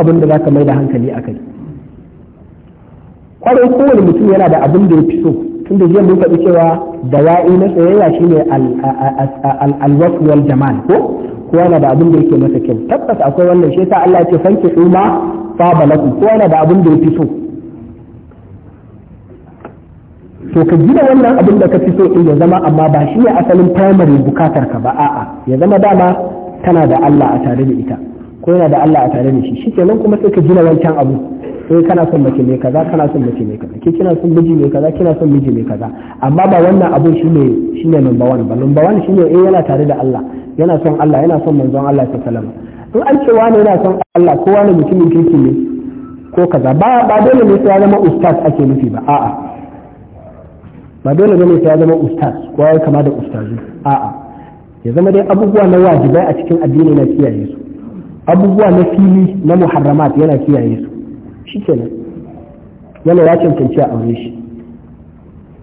abin da za ka mai da hankali a kai kwarai kowane mutum yana da abin da ya fi so da jiya mun faɗi cewa dawa'i na tsayayya shi ne alwas jamal ko kowa na da abin da yake masa kyau tabbas akwai wannan shi yasa Allah ya ce fanki uma faba lakum kowa na da abin da ya fi so to ka gina wannan abin da ka fi so ya zama amma ba shi ne asalin primary bukatar ka ba a'a ya zama dama tana da Allah a tare da ita ko yana da Allah a tare da shi shi nan kuma sai ka gina wancan abu sai eh, kana son mace mai kaza kana son mace mai kaza ke kina son miji mai kaza kina son miji mai kaza amma ba wannan abu shine shine number 1 ba number 1 shine eh yana tare da Allah yana son Allah yana son manzon Allah sallallahu alaihi wasallam in an ce wani yana son Allah ko wani mutumin kirki ne ko kaza ba ba dole ne sai ya zama ustaz ake nufi ba a'a ba dole ne sai ya zama ustaz ko kama da ustazu a'a ya zama dai abubuwa na wajibai a cikin addini na kiyaye su abubuwa na fili na muharramat yana kiyaye su shi kenan yana ya cancanci a aure shi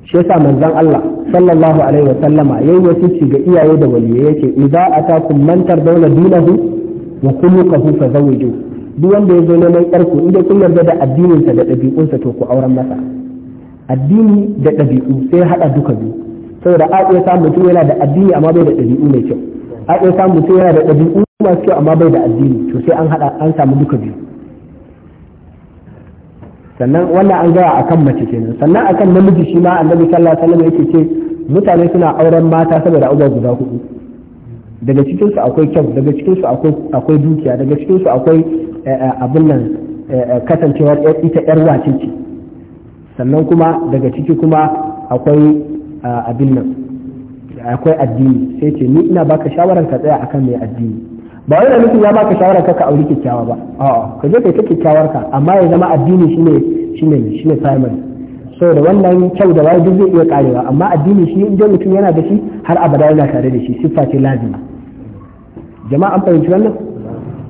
shi yasa manzon Allah sallallahu alaihi wa sallama yayi wasiki ga iyaye da waliyai yake idza atakum man tardawna dinahu wa khuluquhu fazawiju duk wanda ya zo neman yarku inda kun yarda da addininsa da ɗabi'unsa to ku auren masa addini da ɗabi'u sai haɗa duka biyu saboda a iya samun mutum yana da addini amma bai da ɗabi'u mai kyau a iya samun mutum yana da ɗabi'u masu kyau amma bai da addini to sai an hada an samu duka biyu sannan wannan an gaya akan mace kenan sannan akan namiji shi ma annabi sallallahu alaihi wasallam yake ce mutane suna auren mata saboda abubuwa guda hudu daga cikin su akwai kyau daga cikin su akwai akwai dukiya daga cikin su akwai eh, eh, abin nan eh, kasancewar ita yar wace ce sannan kuma daga ciki kuma akwai ah, abin nan akwai addini sai ce ni ina baka shawaran ka tsaya akan mai addini ba wai da nufin ya baka shawara ka ka auri kyakkyawa ba a'a ka je kai ta kyakkyawar ka amma ya zama addini shine shine shine primary so da wannan kyau da wai duk zai iya karewa amma addini shi in mutum yana da shi har abada yana tare da shi siffa ce lazima jama'a an fahimci wannan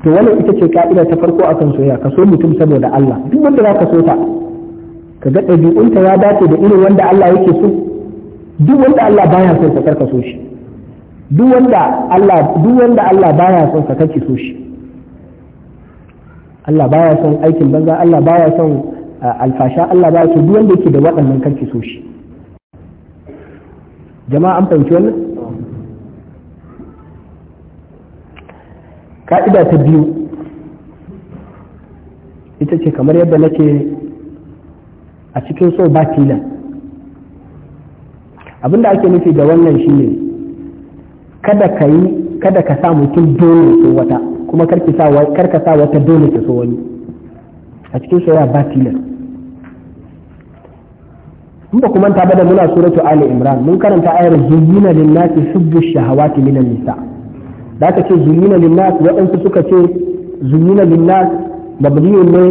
to wannan ita ce ka'ida ta farko akan soyayya ka so mutum saboda Allah duk wanda za ka so ta ka ga ɗabi'unta ya dace da irin wanda Allah yake so duk wanda Allah baya son ka karka so shi duk wanda Allah duk wanda Allah baya son sa kake so shi Allah baya son aikin banza Allah baya son uh, alfasha Allah baya son duk wanda yake da waɗannan kake so shi jama'a an fahimci wannan ka'ida ta biyu ita ce kamar yadda nake a cikin so ba tilan abinda ake nufi da wannan shine ne kada ka yi kada ka sa mutum dole so wata kuma karki sa karka sa wata dole ta so wani a cikin soyayya ba tilas in ba kuma ta bada muna suratu ali imran mun karanta ayar zuyyina lin nasi hubbu shahawati minan nisa da aka ce zuyyina lin nas waɗansu suka ce zuyyina lin nas mabniyun ne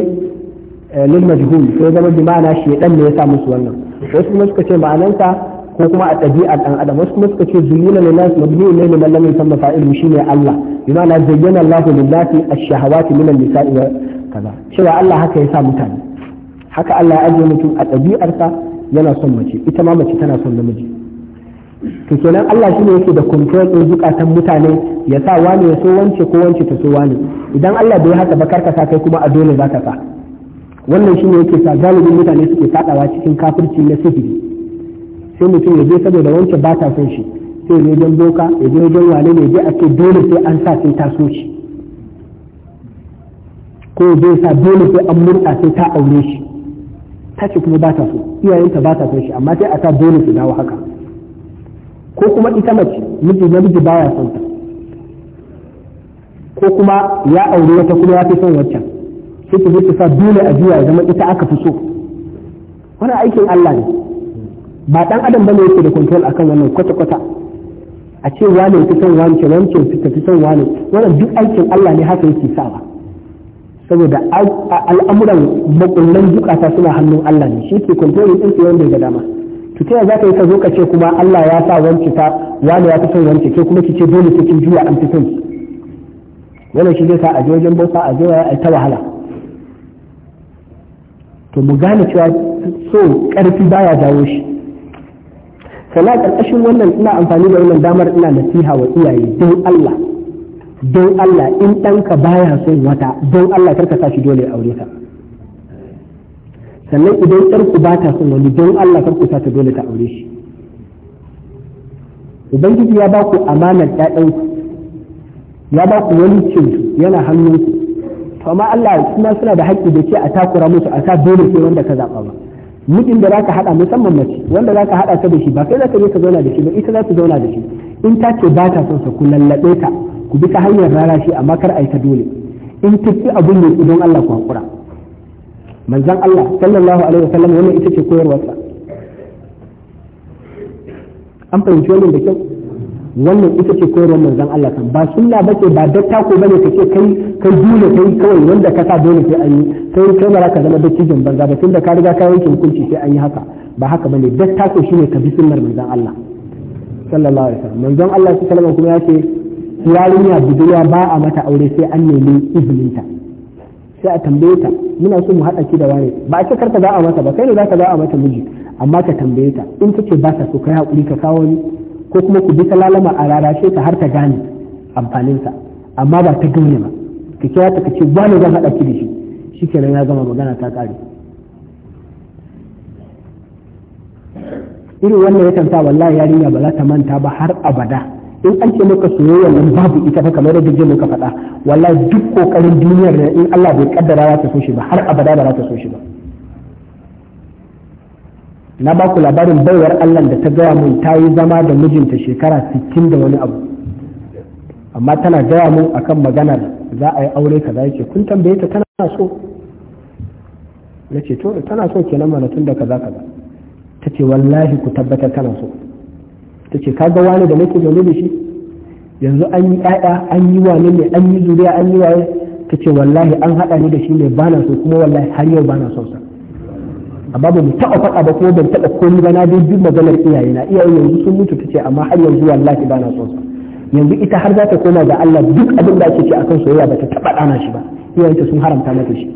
eh, lil majhul sai zama bi ma'ana shedan ne ya sa musu wannan wasu kuma suka ce ma'anansa ko kuma a ɗabi'ar ɗan adam wasu kuma suka ce zuyyina lil nas mabni'un ne liman lam yusamma shi shine Allah bima la zayyana Allahu lil nasi ash-shahawati min an-nisa'i wa kaza cewa Allah haka ya sa mutane haka Allah ya ajiye mutum a ɗabi'arsa yana son mace ita ma mace tana son namiji to kenan Allah shi ne yake da control din zukatan mutane ya sa wani ya so wance ko wance ta so wani idan Allah bai haka ba karkasa sa kai kuma a dole zaka sa wannan shi ne yake sa galibin mutane suke fadawa cikin kafirci na sifili. sai mutum ya je saboda wancan ba ta son shi sai ne don boka ya je wajen wane ne je a ce dole sai an sa sai ta so shi ko zai sa dole sai an murɗa sai ta aure shi ta ce kuma ba ta so iyayenta ba ta son shi amma sai a sa dole su dawo haka ko kuma ita mace miji namiji baya son ta ko kuma ya aure wata kuma ya fi son wancan sai ta zai ta sa dole a juya zama ita aka fi so wani aikin Allah ne ba dan adam bane yake da control akan wannan kwata kwata a ce wane fi son wance wance fi fi son wane wannan duk aikin Allah ne haka yake sawa saboda al'amuran makullan zukata suna hannun Allah ne shi ke control ɗin su wanda ya dama to ta za ka yi ka zo ka ce kuma Allah ya sa wance ta wane ya fi son wance ke kuma ki ce dole ki juya an fi son wannan shi zai sa a je wajen bauta a je ai ta wahala to mu gane cewa so karfi baya jawo shi Kana ƙarƙashin wannan ina amfani da wannan damar ina nasiha wa iyaye don Allah don Allah in ɗanka baya son wata don Allah karka sa shi dole ya aure ka, sannan idan ku ba ta son wani don Allah karku sa ta dole ta aure shi ubangiji ya ba ku amanar ƴaƴanku ya ba ku wani cin yana hannun ku, to amma Allah suna suna da haƙƙi da ke a takura musu a sa dole sai wanda ka zaɓa ba mijin da zaka hada musamman mace wanda zaka hada ta da shi ba sai zaka je ka zauna da shi ba ita za ta zauna da shi in ta ce ba ta son sa ku lallabe ta ku bi ta hanyar rara shi amma kar a yi ta dole in tafi abun ne don Allah ku hakura manzon Allah sallallahu alaihi wasallam wannan ita ce koyarwar sa an fahimci wannan da kyau wannan ita ce koyarwar manzon Allah kan ba sunna bace ba datta ko bane kace kai kai dole kai kawai wanda ka sa dole sai an yi sai kai mara ka zama dattijin banza ba da ka riga ka yanke hukunci sai an yi haka ba haka bane ko shine ka bi sunnar manzon Allah sallallahu alaihi wasallam manzon Allah sallallahu alaihi wasallam kuma ya ce yarinya budurwa ba a mata aure sai an nemi izininta sai a tambaye ta muna so mu haɗa ki da wani ba a ce karka za a mata ba kai ne za ka za a mata miji amma ka tambaye ta in kace ce ba ta so kai hakuri ka kawo ni ko kuma ku bi ta lalama a rarashe ta har ta gane amfaninsa amma ba ta gane ba ka kira ta kace wani zan haɗa ki da shi shikenan ya gama magana ta ƙare irin wannan ya sa wallahi yarinya ba za ta manta ba har abada in an ce maka soyayya nan babu ita ba kamar yadda jin muka faɗa wallahi duk kokarin duniyar da in Allah bai kaddara za ta so shi ba har abada ba za ta so shi ba na ba ku labarin baiwar Allah da ta gaya mun ta yi zama da mijinta shekara 60 da wani abu amma tana gaya mun akan maganar za a yi aure kaza yake kun tambaye ta tana so na ce to tana so kenan mana tun da kaza kaza ta ce wallahi ku tabbatar tana so ta ce kaga wani da nake zaune da shi yanzu an yi ƴaƴa an yi wane ne an yi zuriya an yi waye ta ce wallahi an haɗa ni da shi ne bana so kuma wallahi har yau bana son sa amma ba mu taɓa faɗa ba kuma ban taɓa komi ba na dai duk maganar iyaye na iyaye yanzu sun mutu ta ce amma har yanzu wallahi bana son sa yanzu ita har za ta koma ga Allah duk abin da ake ce akan soyayya ba ta taba dana shi ba iyayenta sun haramta mata shi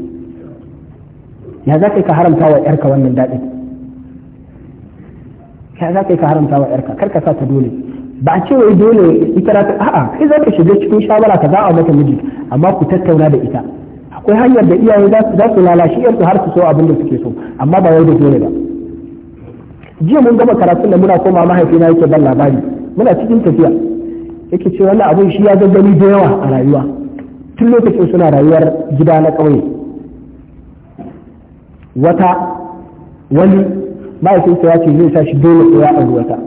ya za ka haramta wa yarka wannan daɗin ya za ka haramta wa yarka karka sa ta dole ba a ce wai dole ita za ta a'a kai za ka shiga cikin shawara ka za a mata miji amma ku tattauna da ita akwai hanyar da iyaye za su lalashi yarsu har su so abin da suke so amma ba wai da dole ba jiya mun gama karatun da muna koma mahaifina yake ban labari muna cikin tafiya yake ce wani abin shi ya gaggani da yawa a rayuwa tun lokacin suna rayuwar gida na ƙauye wata wani mahaifinsa ya ce zai sa shi dole sai ya auri wata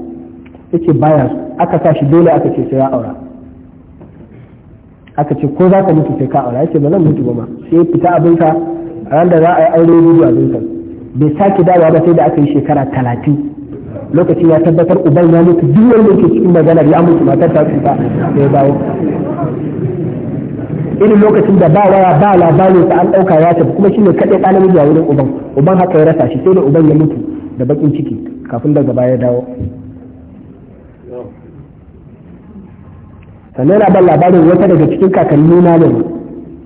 yake baya aka sa shi dole aka ce sai ya aura aka ce ko za ka mutu sai ka aura yake ba zan mutu ba ma sai ya fita abinsa a ran da za a yi aure gudu abinsa bai sake dawa ba sai da aka yi shekara talatin lokaci ya tabbatar uban ya mutu duk wanda yake cikin maganar ya mutu matar ta tsufa ya dawo irin lokacin da ba waya ba labari ta an ɗauka ya tafi kuma shine kaɗai ɗalibin ya wurin uban uban haka ya rasa shi sai da uban ya mutu da bakin ciki kafin da gaba ya dawo sannan yana ban labarin wata daga cikin kakanni na ne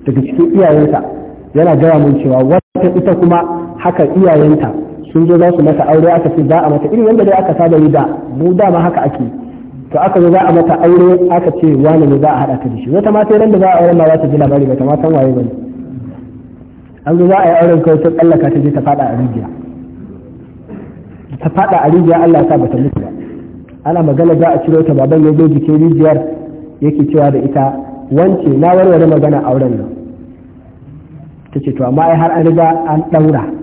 daga cikin iyayensa yana gaya mun cewa wata ita kuma haka iyayenta sun zo za su mata aure aka ce za a mata irin yadda dai aka saba yi da mu dama haka ake to aka zo za a mata aure aka ce wani ne za a haɗa ta da shi wata mata sai da za a aure ma za ta ji labari ba ta ma waye bane an zo za a yi auren kawai ta tsallaka ta je ta faɗa a rijiya ta faɗa a rijiya Allah ya sa bata mutu ba ana magana za a ciro ta baban ya zo jikin rijiyar yake cewa da ita wance na warware magana auren nan ta ce to amma ai har an riga an ɗaura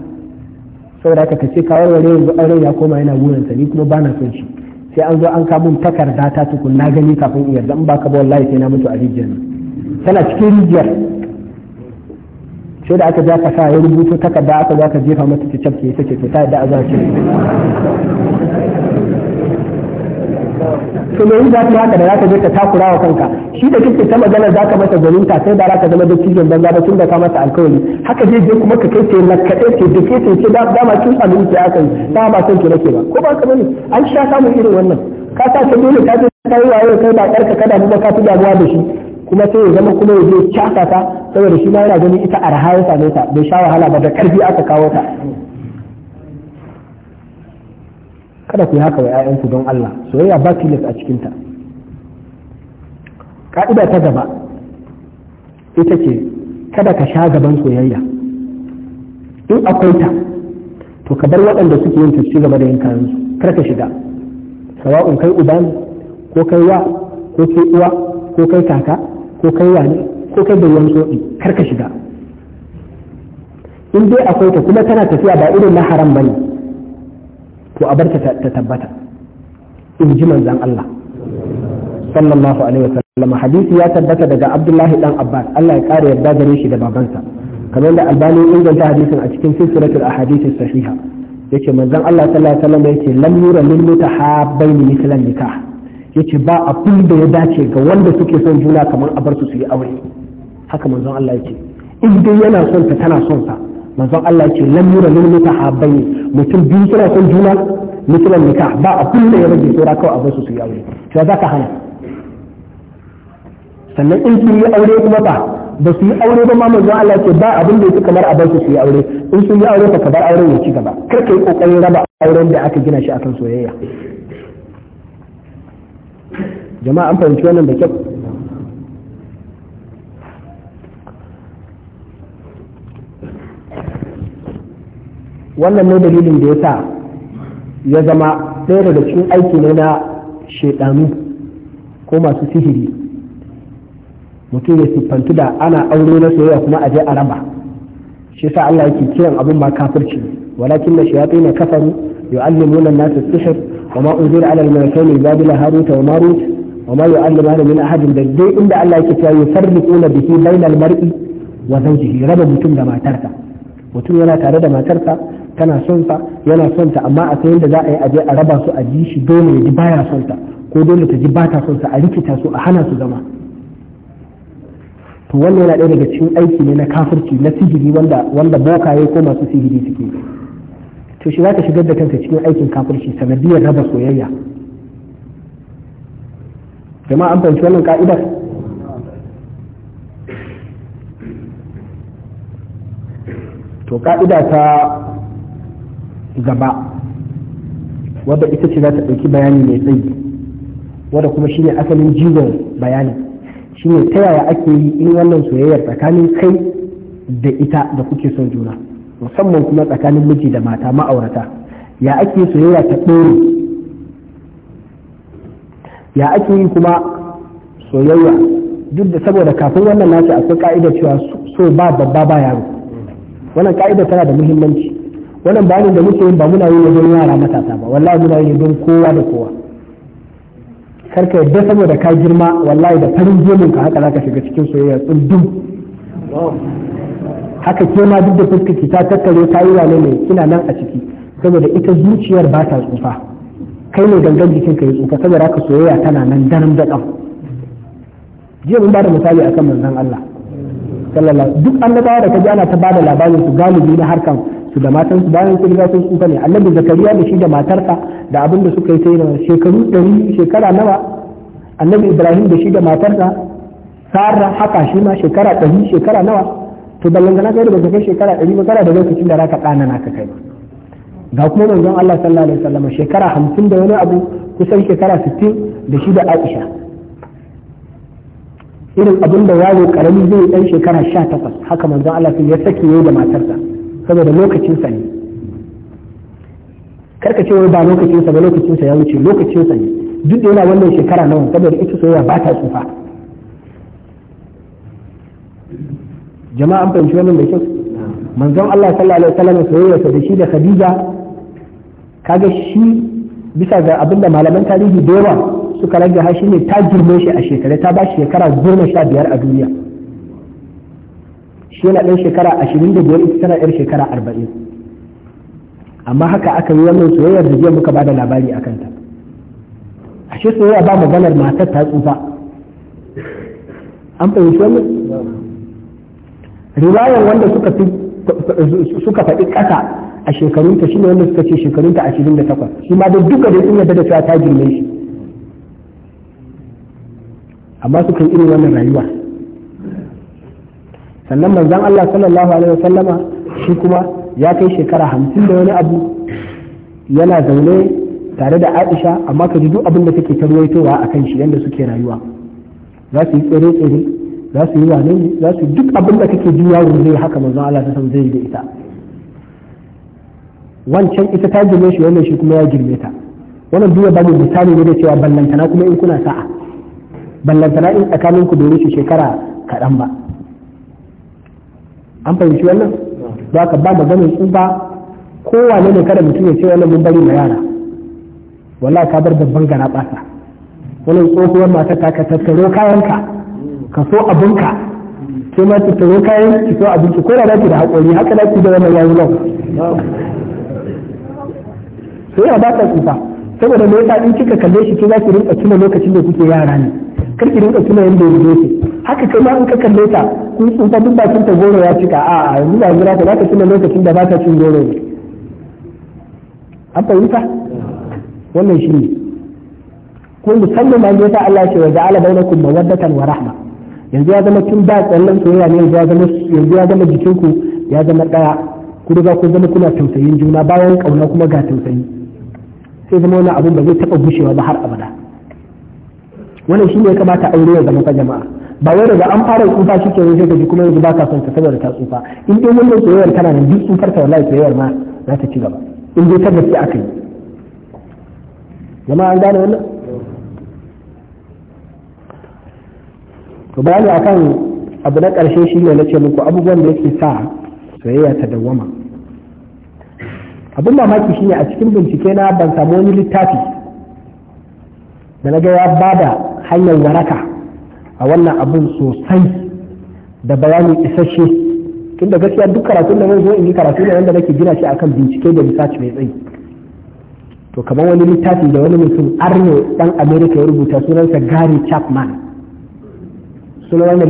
saboda haka ka ce ka wani yanzu auren ya koma yana sa ni kuma ba na son shi sai an zo an ka mun takarda ta tukun na gani kafin in yarda in ka ba wallahi sai na mutu a rijiyar tana cikin rijiyar sai da aka ja ka sa ya rubuto takarda aka za ka jefa mata ta cafke ita ce to ta yadda a za ce to me yi zafi haka da za zaka je ka takura wa kanka shi da kike ta magana zaka masa ta sai da za ka zama da cikin banza da tun da ka masa alkawari haka zai je kuma ka kai ce na kaɗai ce da ke ce da ma kin abin ki aka yi ba ba san ki nake ba ko ba ka bane an sha samun irin wannan ka sa ka dole ka je ka yi wayo kai ba karka kada mu ba ka fi damuwa da shi kuma sai ya zama kuma ya je caka ta saboda shi ma yana ganin ita arha ya same ta bai sha wahala ba da karfi aka kawo ta kada ku yi haka wa 'ya'yanku don Allah soyayya ba tilas a cikinta ka'ida ta gaba ita ce kada ka sha gaban soyayya in akwai ta to ka bar waɗanda suke yin tafi gaba da yin su kar ka shiga sawa'un kai uba ne ko kai wa ko ke uwa ko kai kaka ko kai wani ko kai da ruwan soɗi kar ka shiga in dai akwai ta kuma tana tafiya ba irin na haram bane Ku a bar ta tabbata in ji manzan Allah sallallahu alaihi wasallam hadisi ya tabbata daga Abdullahi dan Abbas Allah ya kare yarda gare shi da babansa kamar da Albani inganta hadisin a cikin silsilatul ahadith sahiha yace manzon Allah sallallahu alaihi wasallam yace lam yura lil mutahabbaini mithlan nikah yace ba abin da ya dace ga wanda suke son juna kamar a bar su su yi aure haka manzon Allah yace in dai yana son ta tana son sa manzon Allah ce lam yura lil mutahabbai mutum biyu suna son juna mutulan nikah ba a kulle ya rage saura kawai abin su su yi aure to za ka hana sannan in sun yi aure kuma ba ba su yi aure ba ma manzon Allah ce ba abin da yake kamar abin su su yi aure in sun yi aure ka bar auren ya ci gaba kar ka yi kokarin raba auren da aka gina shi akan soyayya jama'a an fahimci wannan da kyau wannan ne dalilin da ya sa ya zama ɗaya daga cikin aiki ne na shaidanu ko masu sihiri mutum ya siffantu da ana aure na soyayya kuma a je a raba shi sa Allah yake kiran abin ma kafirci walakin na shayatai na kafaru yu'allimuna an-nasa sihir wa ma unzila ala al-malakaini babila haruta wa marut wa ma yu'allimuna min ahadin da dai inda Allah yake cewa yufarriquna bihi bainal mar'i wa zawjihi raba mutum da matarsa mutum yana tare da matarsa tana son sa yana son ta amma a sayan da za a yi aje a raba su a ji shi dole ya ji baya son ta ko dole ta ji bata ta son sa a rikita su a hana su zama to wannan yana ɗaya daga cikin aiki ne na kafirci na sihiri wanda wanda bokaye ko masu sihiri suke to shi za shigar da kanka cikin aikin kafirci sanadiyar raba soyayya jama'a an fahimci wannan ka'idar to ka'ida ta gaba wadda ita ce za ta ɗauki bayani mai tsayi wadda kuma shine asalin jigon bayani shine ta yaya ake yi in wannan soyayyar tsakanin kai da ita da kuke son juna musamman kuma tsakanin miji da mata ma'aurata ya ake soyayya ta ɗore ya ake yi kuma soyayya duk da saboda kafin wannan nace akwai ka'idar cewa so ba babba ba yaro wannan ka'ida tana da muhimmanci wannan bayanin da muke yin ba muna yi don yara matasa ba wallahi muna yi don kowa da kowa karka yadda saboda ka girma wallahi da farin gemun ka haka zaka shiga cikin soyayya tsundum haka ke ma duk da fuskaki ta tattare ta yi wane ne kina nan a ciki saboda ita zuciyar ba ta tsufa kai ne gangan jikin ka ya tsufa saboda haka soyayya tana nan daram da jiya mun ba da misali akan manzon Allah sallallahu duk annabawa da kaji ana ta bada labarin su galibi na harkan su da matan su bayan sun riga sun tsufa ne annabi zakariya da shi da matarsa da abin da suka yi ta yi shekaru ɗari shekara nawa annabi ibrahim da shi da matarsa sarra haka shi ma shekara ɗari shekara nawa to ballangana kai da baka kai shekara ɗari ba kana da lokacin da zaka ƙanana ka kai ga kuma manzon Allah sallallahu alaihi wasallam shekara hamsin da wani abu kusan shekara sittin da shi da Aisha irin abin da yaro karami zai dan shekara 18 haka manzon Allah sai ya sake yau da matarsa saboda lokacin sa ne karka ce wai ba lokacin sa ba lokacin sa ya wuce lokacin sa ne duk da yana wannan shekara nawa saboda ita soyayya ba ta tsufa jama'a an fahimci wannan da kyau manzon Allah sallallahu alaihi wasallam soyayya sa da shi da Khadija kaga shi bisa ga abin da malaman tarihi da yawa suka rage ha shi ne ta girme shi a shekara ta ba shi shekara goma sha biyar a duniya shi yana ɗan shekara ashirin da biyar ita tana ɗan shekara arba'in amma haka aka yi wannan soyayyar da jiya muka ba da labari a kanta shi soyayya ba maganar matar ta tsufa an fahimci wannan riwayar wanda suka fi suka faɗi ƙasa a shekarunta shi ne wanda suka ce shekarunta ashirin da takwas shi ma da duka da in yadda da cewa ta girme shi amma suka yi irin wannan rayuwa sannan manzan Allah sallallahu alaihi wasallama shi kuma ya kai shekara hamsin da wani abu yana zaune tare da Aisha amma ka ji duk abin da take ruwaitowa a kan shi yadda suke rayuwa za su yi tsere tsere za su yi wane ne za su duk abin da kake juya zai haka manzan Allah ta san zai da ita wancan ita ta girme shi wannan shi kuma ya girme ta wannan duk ya bani misali ne da cewa ballantana kuma in kuna sa'a ballantana in tsakanin ku bai shi shekara kaɗan ba an fahimci wannan za ka ba maganin tsufa kowane ne kada mutum ya ce wannan mun bari ma yara wala ka bar babban gara ɓasa. wani tsohuwar mata ta ka tattaro kayanka ka so abinka ke ma tattaro kayan ki so abinki ko da ki da haƙori haka za ki da wannan yayi nan sai ya ba ta tsufa saboda me yasa in kika kalle shi ki za ki rinka tuna lokacin da kuke yara ne kar ki rinka tuna yanda ya haka kai ma in ka kalle ta kun tsufa duk bakin ta goro ya cika a a yanzu ba jira ta za ka tuna lokacin da ba ta cin goro ne an fahimta wannan shi ne ko musamman ma zai ta Allah ce wa ja'ala bainakum mawaddatan wa rahma yanzu ya zama tun ba tsallan soyayya ne yanzu ya zama yanzu ya zama jikinku ya zama daya ku riga ku zama kuna tausayin juna bayan kauna kuma ga tausayi sai zama wani abu ba zai taba gushewa ba har abada wannan shi ne ya kamata aure ya zama jama'a ba wai daga an fara tsufa shi ke sai kuma yanzu ba ka son ta saboda ta tsufa in dai wannan tsoyayar tana nan duk tsufar ta wallahi tsoyayar ma za ta ci gaba in dai ta aka yi jama'a an gane wannan to bayani akan abu na karshe shi ne na ce muku abubuwan da yake sa soyayya ta dawwama abin mamaki shine a cikin bincike na ban samu wani littafi da na ga ya bada hanyar waraka a wannan abun sosai da bayani isasshe tunda gaskiya duk karatu da zo in yi karatu ne wanda nake gina shi akan bincike da research mai tsayi to kamar wani littafi da wani mutum arne dan america ya rubuta sunansa gary chapman sunan